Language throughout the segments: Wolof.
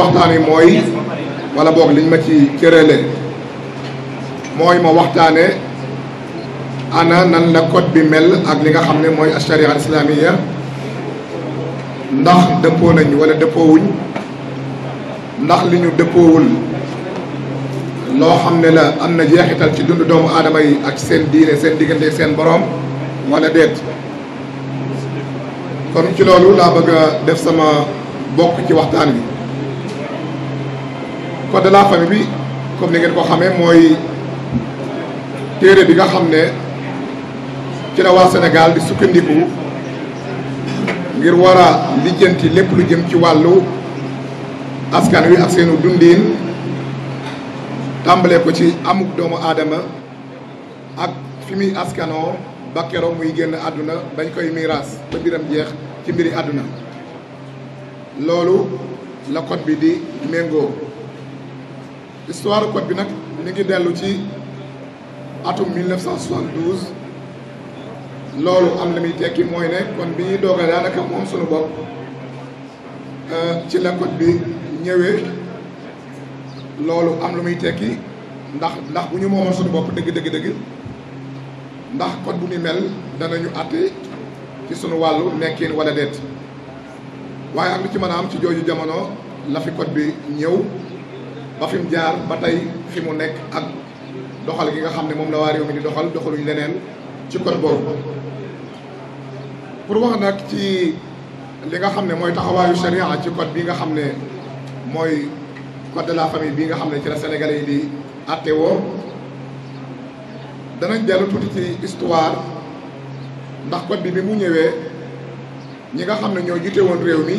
waxtaan wi mooy wala boog liñ ma ci cërale mooy ma waxtaane ana nan la code bi mel ak li nga xam ne mooy asharia islamiya ndax dëppoo nañ wala dëppoowuñ ndax li ñu dëppoowul loo xam ne la am na jeexital ci dundu doomu aadama yi ak seen diine seen diggante seen boroom walla déet kon ci loolu laa bëgg a def sama bokk ci waxtaan bi code de la famille bi comme ni ngeen ko xamee mooy téere bi nga xam ne ci la waa Sénégal di sukkandiku ngir war a lijjanti lépp lu jëm ci wàllu askan wi ak seenu dundiin tàmbalee ko ci amuk doomu aadama ak fi muy askanoo ba keroog muy génn àdduna bañ koy miraas ba biram jeex ci mbiri àdduna loolu la code bi di méngoo histoire code bi nag mi ngi dellu ci atum 1972 loolu am na muy tekki mooy ne kon bi ñuy doog a daanaka moom suñu bopp euh, ci la code bi ñëwee loolu am lu muy tekki ndax ndax bu ñu moomoon suñu bopp dëgg dëgg dëgg ndax code bu ni mel danañu àtte ci suñu wàllu nekkin wala déet waaye ak lu ci mën a am ci jooju jamono la fi code bi ñëw ba fi mu jaar ba tey fi mu nekk ak doxal gi nga xam ne moom la waa réew mi di doxal doxaluñ leneen ci côté boobu pour wax nag ci li nga xam ne mooy taxawaayu charia ci code bi nga xam ne mooy code de la famille bi nga xam ne ci la Sénégalais yi di àtte woo danañ dellu tuuti ci histoire ndax code bi bi mu ñëwee ñi nga xam ne ñoo jiite woon réew mi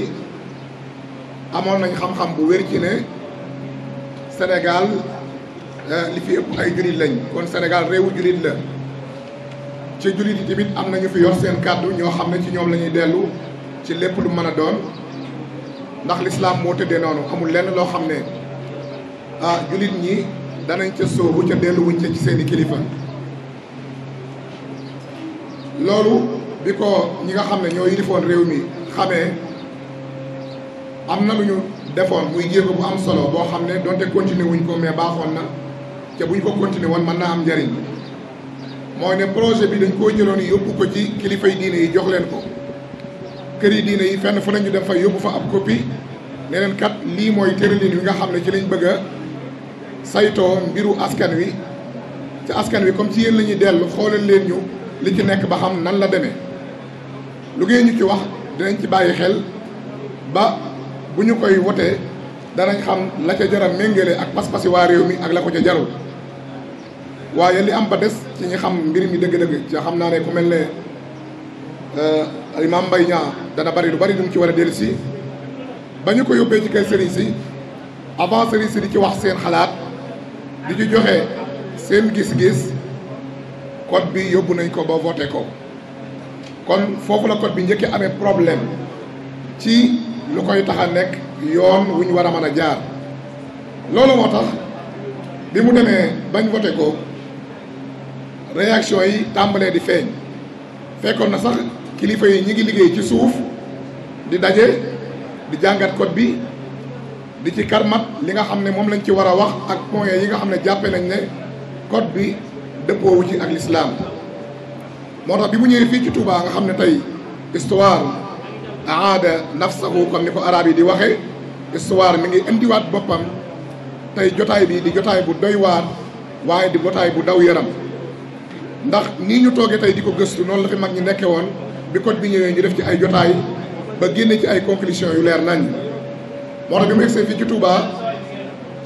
amoon nañ xam-xam bu wér ci ne Sénégal eh, li fi ëpp ay jullit lañ kon Sénégal réewu jullit la ci jullit yi tamit am nañu fi yor seen kàddu ñoo xam ne ci ñoom lañuy dellu ci lépp lu mën a doon ndax lislaam moo tëddee noonu amul lenn loo xam ne ah jullit ñi danañ ca sóobu ca delluwuñ ca ci seeni kilifa loolu bi ko ñi nga xam ne ñoo yilifoon réew mi xamee am na lu ñu defoon muy jéego bu am solo boo xam ne donte continuer wuñ ko mais baaxoon na te buñ ko continuer woon mën naa am njariñ mooy ne projet bi dañ koo jëloon yóbbu ko ci kilifay diine yi jox leen ko kër yi diine yi fenn fu nañu def fa yóbbu fa ab copie ne leen kat lii mooy tëralin wi nga xam ne ci lañ bëgg sayto mbiru askan wi ci askan wi comme ci yéen la ñuy dellu xoolal leen ñu li ci nekk ba xam nan la deme lu ngeen ñu ci wax dinañ ci bàyyi xel ba bu ñu koy wotee danañ xam la ca jara a méngale ak pas-pasi waa réew mi ak la ko ca jarul waaye li am ba des ci ñi xam mbir mi dëgg-dëgg ci xam naa ne ku mel ne euh, Imam Mbaye Niang dana bari lu bari lu mu ci war a dellu si ba ñu ko yóbbee ci kër sëriñ si avant sëriñ si di ci wax seen xalaat di ci joxe seen gis-gis kot bi yóbbu nañ ko ba voté ko kon foofu la code bi njëkk amee problème ci lu koy tax a nekk yoon wu ñu war a mën a jaar loolu moo tax bi mu demee bañ voté ko réaction yi tàmbalee di feeñ fekkoon na sax kilifa yi ñi ngi liggéey ci suuf di daje di jàngat kot bi di ci karmat li nga xam ne moom lañ ci war a wax ak points yi nga xam ne jàppe nañ ne code bi dëppoowu ci ak l'islam moo tax bi mu ñëwee fii ci Touba nga xam ne tey histoire aada nafsahu kon ni ko arab yi di waxee histoire mi ngi indiwaat boppam tey jotaay bii di jotaay bu doy waar waaye di jotaay bu daw yaram ndax nii ñu tooge tey di ko gëstu noonu la fi mag ñi nekke woon bi code bi ñëwee ñu def ci ay jotaay ba génne ci ay conclusion yu leer nañ moo tax bi mu egsee fii ci Touba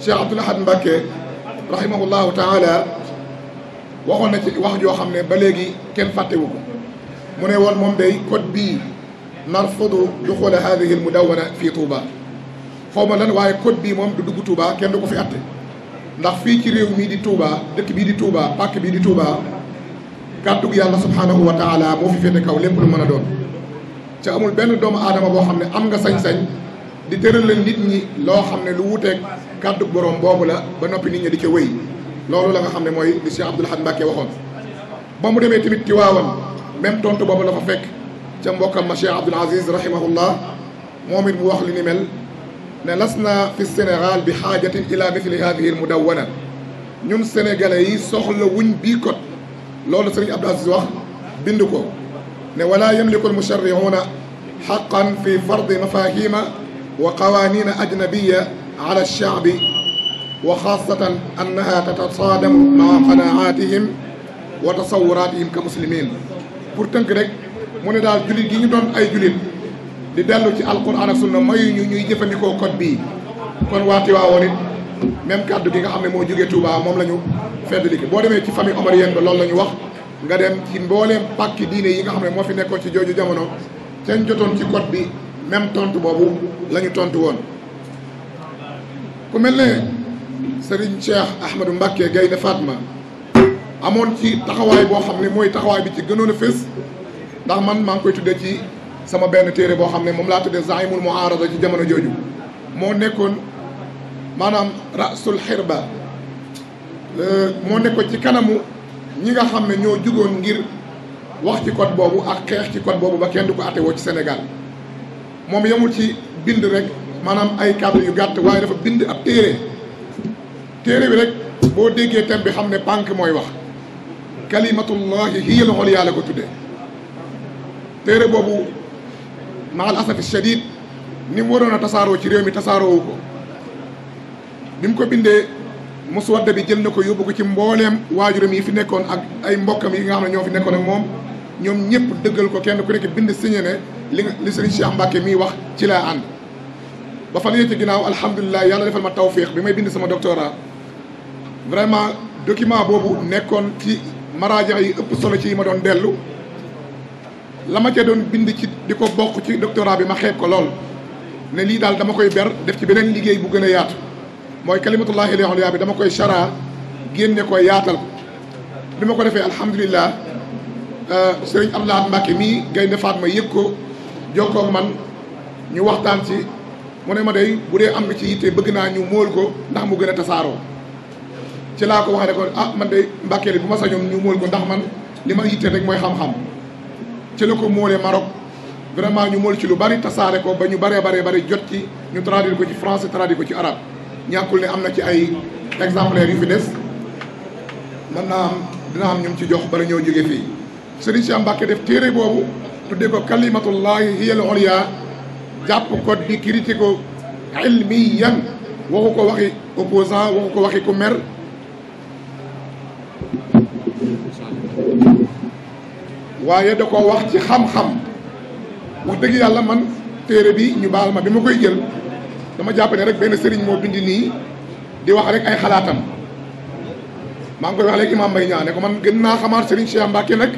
Cheikh Abdoul Ahad Mbacké rahimahullahu taala waxoon na ci wax joo xam ne ba léegi kenn fàttewu ko mu ne woon moom day code bii narfudu duxula hadihi al mudawwana fii Touba xaw ma lan waaye code bii moom du dugg Touba kenn du ko fi atte ndax fii ci réew mii di Touba dëkk bii di Touba pàkk bii di Touba kàddug yàlla subhaanahu wa taala moo fi féete kaw lépp lu mën a doon ca amul benn doomu aadama boo xam ne am nga sañ-sañ di tëralal nit ñi loo xam ne lu wuteeg kàddug borom boobu la ba noppi nit ñi di ca wéy loolu la nga xam ne mooy li Cheikh Abdoul Ahad Mbacké waxoon ba mu demee tamit Tiwaawan même tontu boobu la fa fekk ca mbokkam ma Cheikh Abdoul Aziz rahimahullah moom it mu wax li ni mel ne las na fi Sénégal bi xaajatin ila mithli hadihi al mudawwana ñun sénégalais yi soxla wuñ bii code loolu sëriñ Abdoul Aziz wax bind ko ne wala yamliku al musharrihuna xaqan fi fardi mafahima wa qawanina ajnabiya ala alshaabi wa xaasatan annaha tatasaadamu maa qanaatihim wa tasawuraatihim ka muslimin pour tënk rek mu ne daal jullit gi ñu doon ay jullit di dellu ci alquran ak sunna mayu ñu ñuy jëfandikoo code bii kon waati waawoon it même kàddu gi nga xam ne moo jógee Touba moom la ñu feddali boo demee ci famille omarienne ba loolu la ñu wax nga dem ci mbooleem pàkki diine yi nga xam ne moo fi nekkoon ci jooju jamono seen jotoon ci code bi même tontu boobu la tontu woon ku mel ne Serigne Cheikh Ahmadou Mbacké Gaynde Fatma amoon ci taxawaay boo xam ne mooy taxawaay bi ci gënoon a ndax man maa ngi koy tuddee ci sama benn téere boo xam ne moom laa tuddee zaimul muarada ci jamono jooju moo nekkoon maanaam rasul xirba eh, moo nekkoon ci kanamu ñi nga xam ne ñoo jugoon ngir wax ci code boobu ak xeex ci code boobu ba kenn du ko àtte woo ci senegal moom yemul ci bind rek maanaam ay kàddu yu gàtt waaye dafa bind ab téere téere bi rek boo déggee thème bi xam ne pànk mooy wax kalimatullahi hiya loxol yàlla ko tuddee téere boobu maal asafi shadid ni mu waroon a tasaaroo ci réew mi tasaaroowu ko bi mu ko bindee muswadda bi jël na ko yóbbu ko ci mbooleem waajuram yi fi nekkoon ak ay mbokkam yi nga xam ne ñoo fi nekkoon ak moom ñoom ñëpp dëggal ko kenn ku nekk bind signé ne li li si Cheikh Mbacke miy wax ci laa ànd ba fan yee ci ginnaaw alhamdulilah yàlla defal ma tawfiq bi may bind sama doctorat vraiment document boobu nekkoon ci maraaja yi ëpp solo ci yi ma doon dellu la ma doon bind ci di ko bokk ci doctorat bi ma xeeb ko lool ne lii daal dama koy ber def ci beneen liggéey bu gën a yaatu mooy kalimatullahi al-ulya bi dama koy chara génne ko yaatal ko bi ma ko defee alhamdulilah euh, sëriñ Abdou Lahad Mbacké mii Gaynde Fatma yëg ko jokkoo man ñu waxtaan ci mu ma day bu dee am nga ci bëgg naa ñu móol ko ndax mu gën a ci laa ko wax ne ko ah, man de Mbacké li bu ma sañoon ñu móol ko ndax man li ma yitte rek mooy xam-xam ci la ko móole Maroc vraiment ñu mool ci lu bari tasaare ko ba ñu baree baree bari jot ci ñu traduire ko ci français traduire ko ci arabe ñàkkul ne am na ci ay exemplaires yu fi des mën naa am dina am ñoom ci jox bala ñoo jógee fii ci Cheikh Mbacké def téere boobu tuddee ko kalimatullahi hiya al jàpp ko di critiquer ko ilmiyan waxu ko waxi opposant waxu ko waxi ku mer waaye da ko wax ci xam-xam wax dëgg yàlla man téere bi ñu baal ma bi ma koy jël dama jàpp ne rek benn sëriñ moo bind nii di wax rek ay xalaatam maa ngi koy wax léegi imaam ne ko man gën naa xamaat sëriñ Cheikh Mbacke nag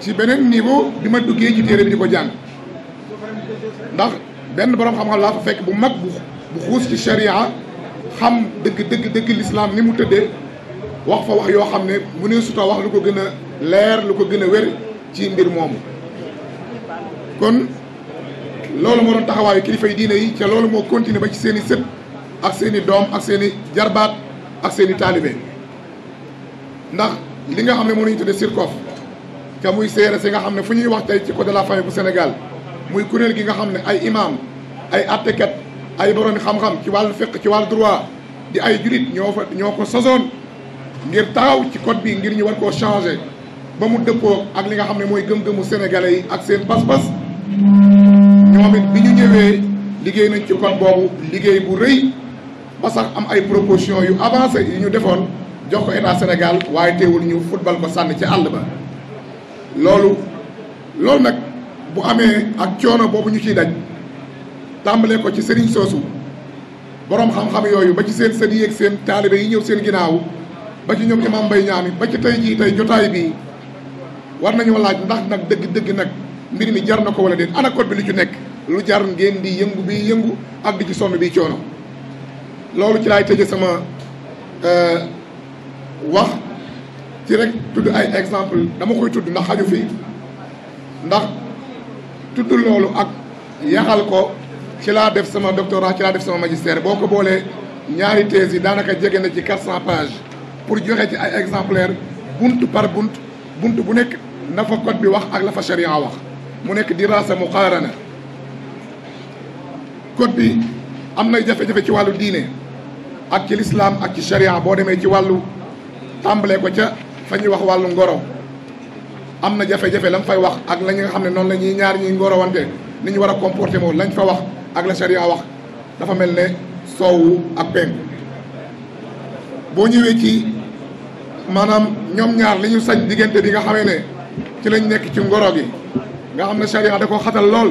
ci beneen niveau bi ma duggee ci téere bi di ko jàng ndax benn borom xam-xam laa fa fekk bu mag bu xuus ci sharia xam dëgg dëgg dëgg l'islam ni mu tëddee wax fa wax yoo xam ne mu ne suta wax lu ko gën a leer lu ko gën a wér ci mbir moomu kon loolu moo doon taxawaayu kilifa yi diine yi ca loolu moo continuer ba ci seeni i ak seen doom ak seeni i jarbaat ak seeni i taalibe ndax li nga xam ne moo ñu tuddee SYRCOF ca muy CRS yi nga xam ne fu ñuy wax tey ci code de la famille bu Sénégal muy kuréel gi nga xam ne ay imam ay attekat ay boroomi xam-xam ci wàllu fekk ci wàllu droit di ay jurit ñoo fa ko sosoon ngir taaw ci code bi ngir ñu war koo changé ba mu dëppoo ak li nga xam ne mooy gëm-gëmu sénégalais yi ak seen pas-pas ñoom bi ñu ñëwee liggéey nañ ci code boobu liggéey bu rëy ba sax am ay propositions yu avancé yu ñu defoon jox ko état Sénégal waaye teewul ñu football ko sànni ci àll ba loolu loolu nag bu amee ak coono boobu ñu ciy daj tàmbalee ko ci sëriñ soosu boroom xam-xam yooyu ba ci seen sëriñ ak seen taalibe yi ñëw seen ginnaaw ba ci ñoom imam mbay ñaami ba ci tey jii tey jotaay bii war nañoo laaj ndax nag dëgg dëgg nag mbir mi jar na ko wala déet ana bi lu ci nekk lu jar ngeen di yëngu bi yëngu ak di ci sonn bi coono loolu ci laay tëje sama euh, wax ci rek tudd ay exemple dama koy tudd ndax xaju fi ndax tudd loolu ak yaxal ko ci laa def sama doctorat ci laa def sama magistère boo ko boolee ñaari thèse yi daanaka jege na ci quatre cent pages pour joxe ci ay exemplaires bunt par bunt bunt bu nekk na fa code bi wax ak la fa charia wax mu nekk dirasa muqaarana code bi am na jafe-jafe ci wàllu diine ak ci lislaam ak ci charia boo demee ci wàllu tàmbalee ko ca fa ñuy wax wàllu ngoro am na jafe-jafe la mu fay wax ak la ñi xam ne noonu la ñuy ñaar ñuy ngorowante ni ñu war a comporté moom lañ fa wax ak la charia wax dafa mel ne soowu ak penku boo ñëwee ci maanaam ñoom ñaar li ñu sañ diggante di nga xamee ne ci lañu nekk ci ngoro gi nga xam ne charia da ko xatal lool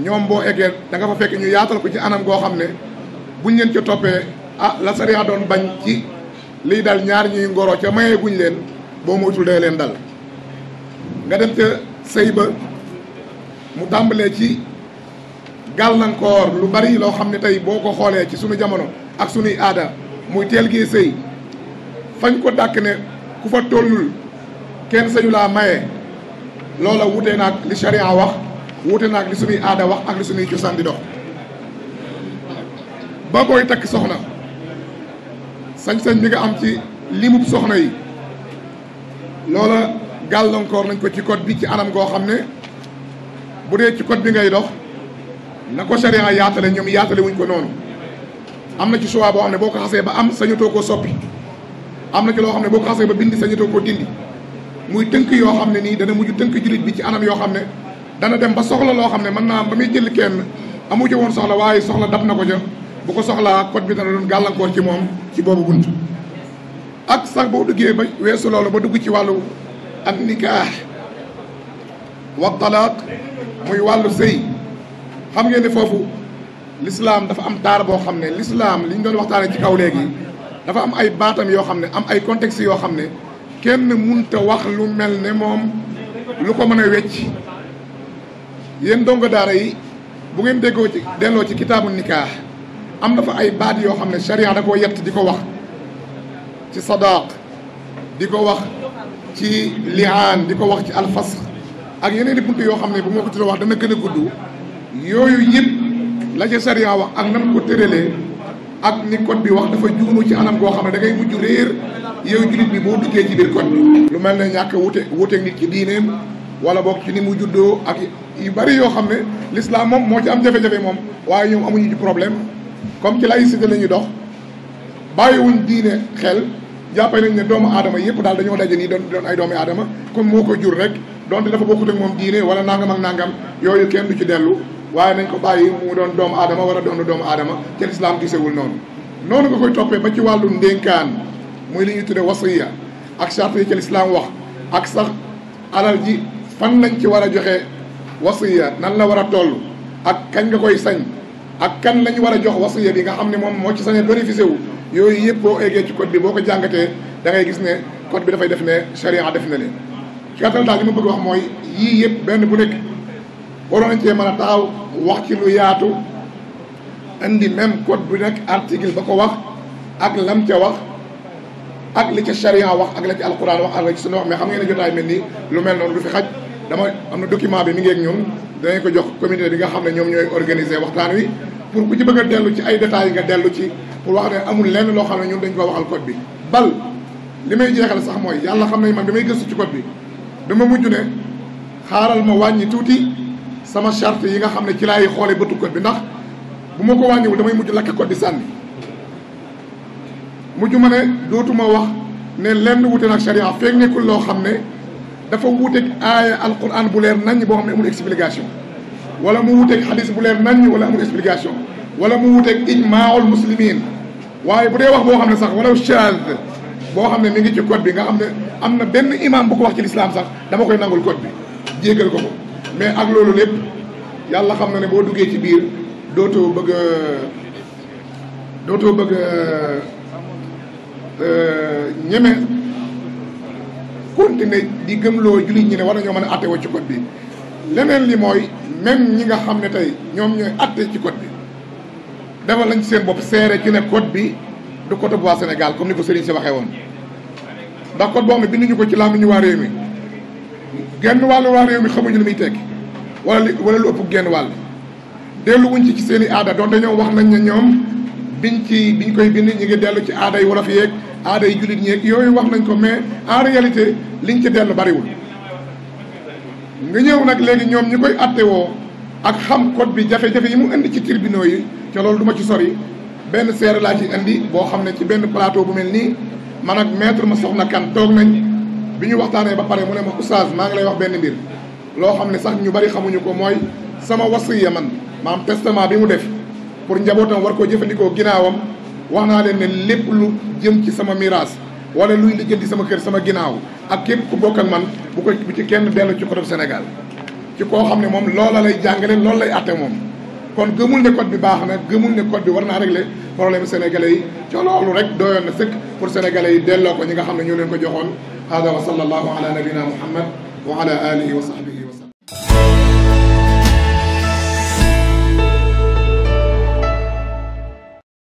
ñoom boo egee da nga fa fekk ñu yaatal ko ci anam goo xam ne buñ leen ca toppee a ah, la charia doon bañ ci liy dal ñaar ñuy ngoro ca mayee guñ leen boo moytul day leen dal nga dem ca sëy ba mu tàmbalee ci gàllankoor lu bari loo xam ne tey boo ko xoolee ci sunu jamono ak sunuy aada muy teel gi sëy fañ ko dàkk ne ku fa tollul kenn sañu laa maye loola wute naag li charia wax wute naag li suñuy aada wax ak li suñuy cosaan di dox ba booy takk soxna sañ-sañ mi nga am ci limub soxna yi loola gàllankoor nañ ko ci code bi ci anam goo xam ne bu dee ci code bi ngay dox na ko charia yaatale ñoom yaatale wuñ ko noonu am na ci choix boo xam ne boo ko xasee ba am sañu too ko soppi am na ci loo xam ne boo ko xasee ba bind sañatoo ko dindi muy tënk yoo xam ne nii dana mujj tënk jullit bi ci anam yoo xam ne dana dem ba soxla loo xam ne mën naa ba muy jël kenn amu ci woon soxla waaye soxla dab na ko ca bu ko soxlaa code bi dana doon gàllankoor ci moom ci boobu bunt ak sax boo duggee ba weesu loolu ba dugg ci wàllu ak nikaax wa talaaq muy wàllu sëy xam ngeen ne foofu l'islam dafa am taar boo xam ne l'islam li ñu doon waxtaanee ci kaw léegi dafa am ay baatam yoo xam ne am ay contexte yoo xam ne kenn te wax lu mel ne moom lu ko mën a wecc yéen dongo daara yi bu ngeen déggoo ci delloo ci kitaabu nikaax am na fa ay baat yoo xam ne charia da koo yett di ko wax ci sadaq di ko wax ci liaan di ko wax ci alfasx ak yeneen i bunt yoo xam ne bu ma ko tuddee wax dana gën a gudd yooyu yëpp la ca charia wax ak nan ko tëralee ak ni code bi wax dafa juunu ci anam goo xam ne da ngay mujj réer yow jullit bi boo duggee ci biir code bi. lu mel ne ñàkk wute wuteeg nit ci diineem wala boog ci ni mu juddoo ak yu bari yoo xam ne l'islam moom moo ci am jafe-jafe moom waaye ñoom amuñu ci problème comme ci laïcité la ñuy dox wuñ diine xel jàppee nañ ne doomu aadama yëpp daal dañoo daje nii doon doon ay doomi aadama comme moo ko jur rek donte dafa bokkut ak moom diine wala nangam ak nangam yooyu kenn du ci dellu. waaye nañ ko bàyyi mu doon doomu adama war a doon doomu aadama te lislaam gisewul noonu noonu nga koy toppee ba ci wàllu ndénkaan muy li ñuy tuddee wasiya ak charte yi ca lislaam wax ak sax alal ji fan lañu ci war a joxe wasiya nan la war a toll ak kañ nga koy sañ ak kan lañ war a jox wasiya bi nga xam ne moom moo ci sañ a bénéficié wu yooyu yëpp boo eggee ci code bi boo ko jàngatee da gis ne code bi dafay def ne charia def na leen ci li ma bëgg wax mooy yëpp benn waroon cee mën a taxaw wax ci lu yaatu indi même code bu nekk article ba ko wax ak lam ca wax ak li ca charia wax ak la ci alquran wax ak la ci sunna wax mais xam ngeen ne jotaay mel nii lu mel noonu du fi xaj dama am na document bi mi ngi ak ñun danañ ko jox comité bi nga xam ne ñoom ñooy organiser waxtaan wi pour ku ci bëgg a dellu ci ay détails nga dellu ci pour wax ne amul lenn loo xam ne ñun dañ ko waxal code bi bal li may jeexal sax mooy yàlla xam nañ man damay gësu ci code bi dama mujj ne xaaral ma wàññi tuuti sama charte yi nga xam ne ci laay xoolee bëtu code bi ndax bu ma ko wàññiwul damay mujj lakk code bi sànni mujj ma ne dootuma wax ne lenn wute nag charia feeg nekkul loo xam ne dafa wuuteeg aaya alquran bu leer naññ boo xam ne amul explication wala mu wuuteeg xadis bu leer naññ wala amul explication wala mu wuuteeg ijmaul muslimin waaye bu dee wax boo xam ne sax wala chaz boo xam ne mi ngi ci code bi nga xam ne am na benn imam bu ko wax ci lislaam sax dama koy nangul code bi jéggal ko ko mais ak loolu lépp yàlla xam na ne boo duggee ci biir dootoo bëgg a dootoo bëgg a euh, ñeme continuer di gëmloo jullit ñi ne war ñoo mën a attewoo ci code bi leneen li mooy même ñi nga xam ne tey ñoom ñooy atte ci code bi dafa lañ seen bopp seere ci ne code bi du code bu waa Sénégal comme ni ko Serigne si waxee woon ndax code boo xam ne binduñu ko ci làmmiñu ñu réew mi genn wàll waa réew mi xamuñu lu muy tekki wala li wala lu ëpp genn wàll delluwuñ ci ci seen i aada donte ñoom wax nañ ne ñoom biñ ci biñ koy bind ñu ngi dellu ci aada yi wolof yeeg aada yi jullit ñeeg yooyu wax nañ ko mais en réalité liñ ci dellu bariwul nga ñëw nag léegi ñoom ñi koy woo ak xam kot bi jafe-jafe yi mu indi ci tribunaux yi ca loolu du ma ci sori benn seere laa ci indi boo xam ne ci benn plateau bu mel nii man ak maître ma soxna kan toog nañ bi ñu waxtaanee ba pare mu ne ma oustaz maa ngi lay wax benn mbir loo xam ne sax ñu bari xamuñu ko mooy sama wastu wasiya man maam testament bi mu def pour njabootam war koo jëfandikoo ginnaawam wax naa leen ne lépp lu jëm ci sama miraas wala luy lijjanti sama kër sama ginnaaw ak képp ku bokk man bu ko bu ci kenn dellu ci côté Sénégal ci koo xam ne moom loola lay jàngale loolu lay atte moom kon gëmul ne code bi baax na gëmul ne code bi war naa régler problème sénégalais yi ci loolu rek doyoon na sëkk pour sénégalais yi delloo ko ñi nga xam ne ñoo leen ko joxoon hada wa sallallahu ala nabina muhammad wa ala alihi wa sahbihi